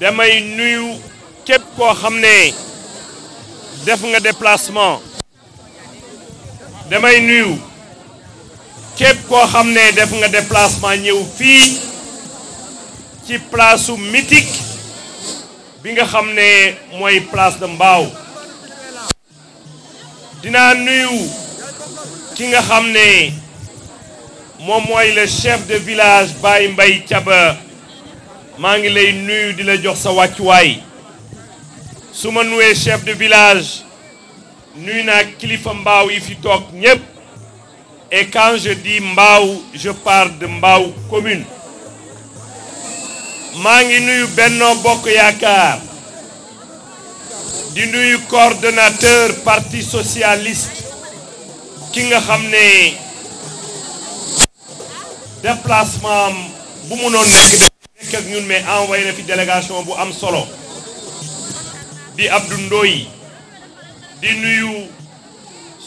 damay nuyu képp koo xam ne def nga déplacement damay nuyu képp koo xam ne def nga déplacement ñëw fii ci place mitik bi nga xam ne mooy place de Mbao dinaa nuyu ki nga xamné mom moy le chef de village Baye Mbaye Thiaba ma ngi lay nuyu dila la jox sa waccu way suma chef de village nu na kilifa mbaaw yi fi tok ñépp et quand je dis mbaaw je parle de mbaaw commune ma ngi nuyu Benno Bokk yaakar di nuyu coordonnateur parti socialiste ki nga xam déplacement bu bu munoon nekk nek ak ñun mais envoyé na fi délégation bu am solo di Abdou ndoy di nuyu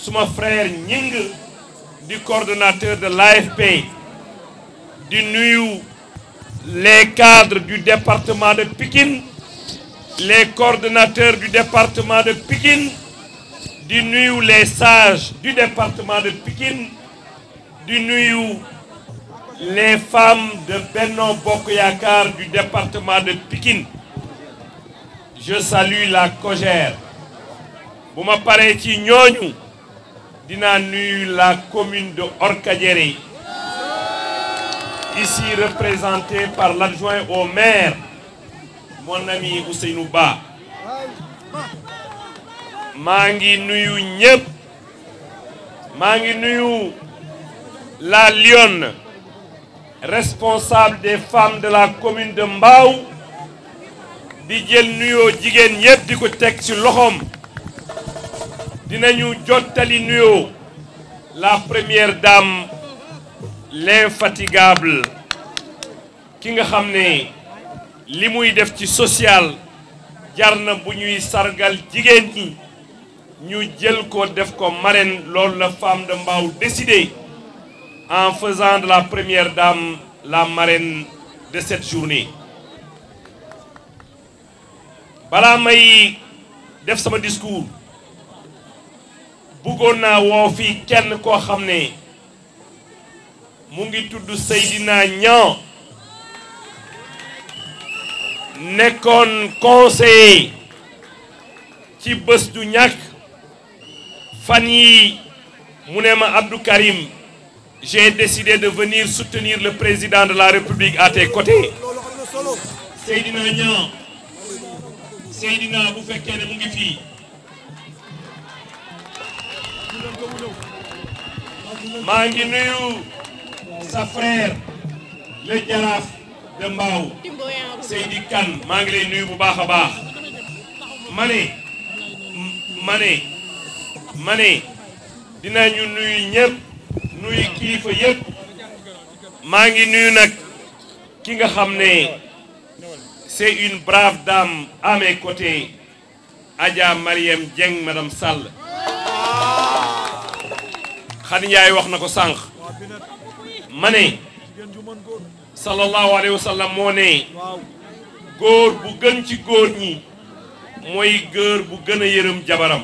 suma frère ñing di coordonnateur de l'AFP di nuyu les cadres du département de Pikine les coordonnateurs du département de Pikine di où les sages du département de Pikine du où les femmes de Benno Bokoyakar du département de Pikine je salue la Cogère. Vous m'apparaît paree ci la commune de orcadère, ici représentée par l'adjoint au maire mon ami Ousseinouba. Mangi Nuiou nuyu la lionne responsable des femmes de la commune de Mbao di jël nuyoo jigen du diko tek jottali la première dame l'infatigable ki nga xamné limuy social jarna buñuy sargal jigen ñu jël ko def ko marraine la femme de mbaw décidé en faisant de la première dame la marraine de cette journée bala may def sama discours bëggoon wo fi fii kenn koo xam ne mu ngi Seydina conseiller ci du ñak Fanny Mounema Abdou Karim j'ai décidé de venir soutenir le président de la République à tes côtés Seydina Nyan, Seydina Boufekene fekkee ne mu sa frère le Garaf, de Mbao Seydi Kane maa ngi lay nuyu bu ma ne ñu nuyu ñëpp nuyu kilifa yëpp maa ngi nuyu nag ki nga xam ne c'est une brave dame à mes côtés Adja Mariam Dieng madame Sall Khady wax na ko sànq ma ne sallallahu alayhi moo ne góor bu gën ci góor ñi mooy góor bu gën a yërëm jabaram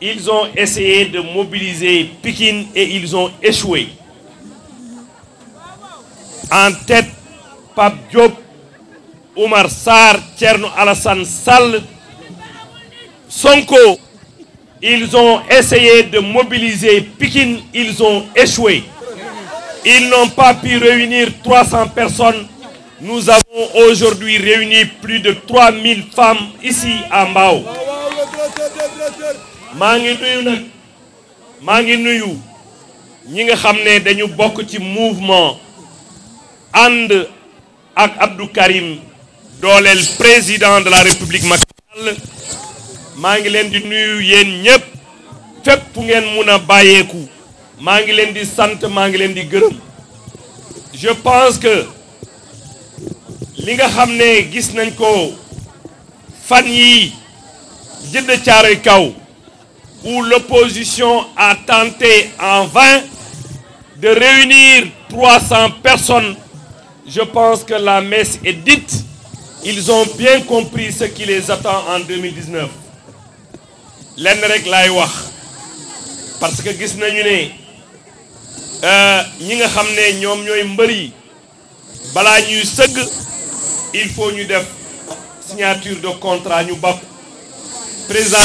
Ils ont essayé de mobiliser Pékin et ils ont échoué. En tête, Pape Diop, Omar Sarr, Tcherno Alassane Sall, Sonko. Ils ont essayé de mobiliser Pékin, ils ont échoué. Ils n'ont pas pu réunir 300 personnes. Nous avons aujourd'hui réuni plus de 3000 femmes ici à Mao. Mangi nuyu nak mangi nuyu ñi nga xam dañu bokk ci mouvement and ak Abdou Karim dolel président de la République Macky mangi maa ngi leen di nuyu yeen ñépp fépp ngeen mun a mangi maa di sante mangi di gërëm je pense que li nga xam gis nañ ko fan yi kaw où l'opposition a tenté en vain de réunir 300 personnes, je pense que la messe est dite. Ils ont bien compris ce qui les attend en 2019. parce que nous nañu ne euh, ñi nga il faut ñu signature de contrat ñu présent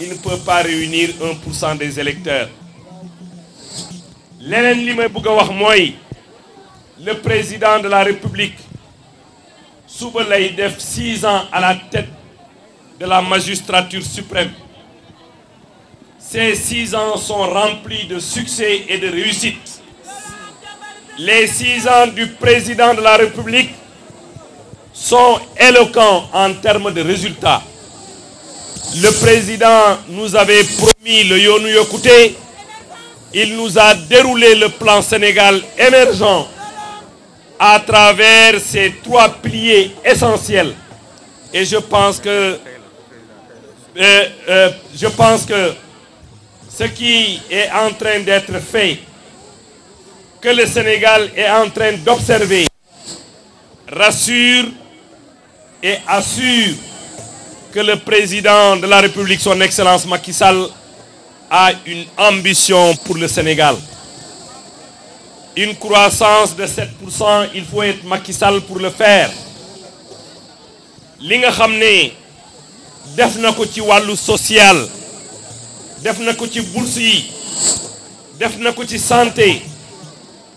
il ne peut pas réunir 1% des électeurs le président de la république souvent six ans à la tête de la magistrature suprême ces six ans sont remplis de succès et de réussite les six ans du président de la république sont éloquents en termes de résultats le président nous avait promis le Yonou Yokouté. Il nous a déroulé le plan Sénégal émergent à travers ces trois piliers essentiels. Et je pense que, euh, euh, je pense que ce qui est en train d'être fait, que le Sénégal est en train d'observer, rassure et assure que le président de la République, son Excellence Macky a une ambition pour le Sénégal. Une croissance de 7%, il faut être Macky pour le faire. li nga xam na ci social def na ko ci bourse santé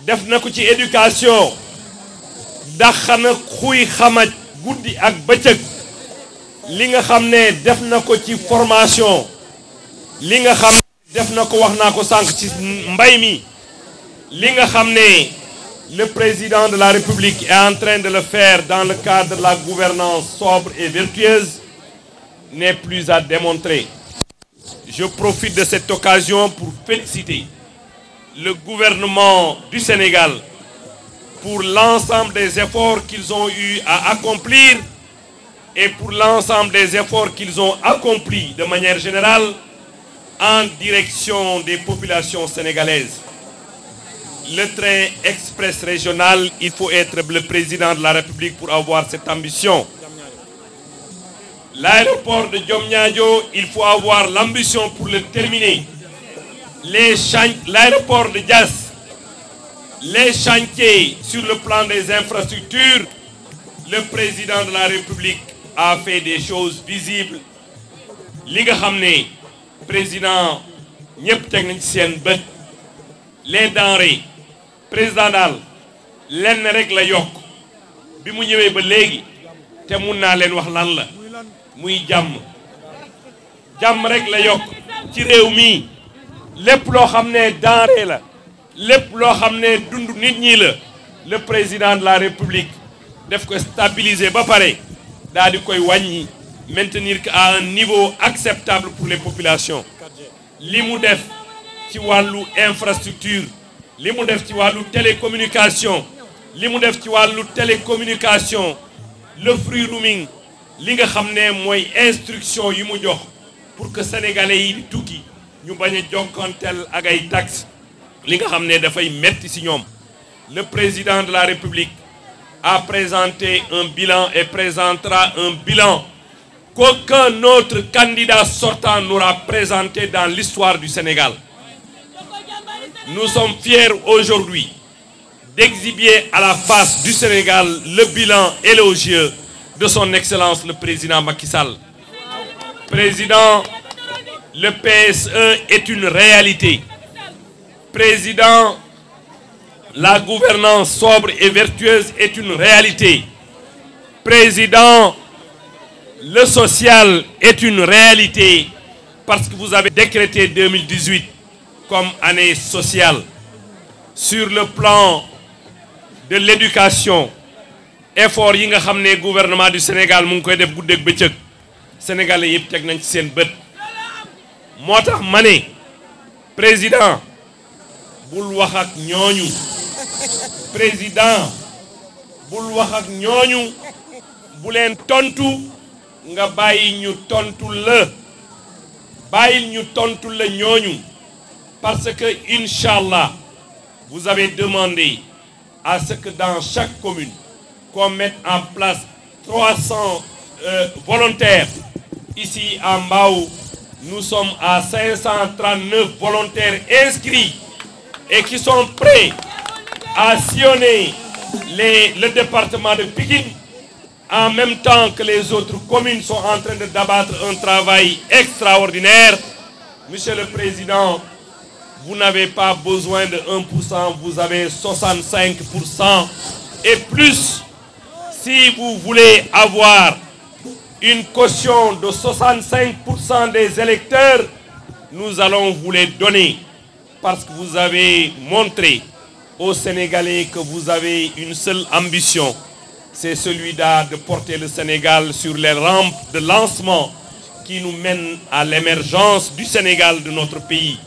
def na ci éducation dax na Linga formation le président de la République est en train de le faire dans le cadre de la gouvernance sobre et vertueuse n'est plus à démontrer. Je profite de cette occasion pour féliciter le gouvernement du Sénégal pour l'ensemble des efforts qu'ils ont eu à accomplir et pour l'ensemble des efforts qu'ils ont accomplis de manière générale en direction des populations sénégalaises. Le train express régional, il faut être le président de la République pour avoir cette ambition. L'aéroport de Diomniadio, il faut avoir l'ambition pour le terminer. L'aéroport de Dias, les chantiers sur le plan des infrastructures, le président de la République a fait des choses visibles li nga xam président ñëpp teg nañ ci seen les denrées président daal rek la Yok, bi mu ñëwee ba léegi te mun naa leen wax lan la muy jàmm jàmm rek la yokk ci réew mii lépp loo xam ne la lépp dund nit ñi la le président de la république def ko stabiliser ba pare daal maintenir qu'à à un niveau acceptable pour les populations limudef qui def ci nous infrastructure les def ci wàllu télécommunication li def ci télécommunication le free roaming li nga xam instruction yi jox pour que sénégalais yi di tukki ñu bañ a quand ak ay taxes li nga xam ne dafay metti le président de la république a présenté un bilan et présentera un bilan qu'aucun autre candidat sortant n'aura présenté dans l'histoire du Sénégal. Nous sommes fiers aujourd'hui d'exhiber à la face du Sénégal le bilan élogieux de son Excellence le Président Macky Sall. Président, le PSE est une réalité. Président, la gouvernance sobre et vertueuse est une réalité. Président, le social est une réalité parce que vous avez décrété 2018 comme année sociale. Sur le plan de l'éducation, effort yi nga gouvernement du Sénégal def sénégalais président boul wax président bul wax ak ñooñu bu tontu nga tontu le tontu le parce que inshallah vous avez demandé à ce que dans chaque commune qu'on mette en place 300 euh, volontaires ici à Mbao nous sommes à 539 volontaires inscrits et qui sont prêts a sillonné le département de Pékin en même temps que les autres communes sont en train de d'abattre un travail extraordinaire. Monsieur le Président, vous n'avez pas besoin de 1%, vous avez 65% et plus. Si vous voulez avoir une caution de 65% des électeurs, nous allons vous les donner parce que vous avez montré aux Sénégalais que vous avez une seule ambition, c'est celui de porter le Sénégal sur les rampes de lancement qui nous mènent à l'émergence du Sénégal de notre pays.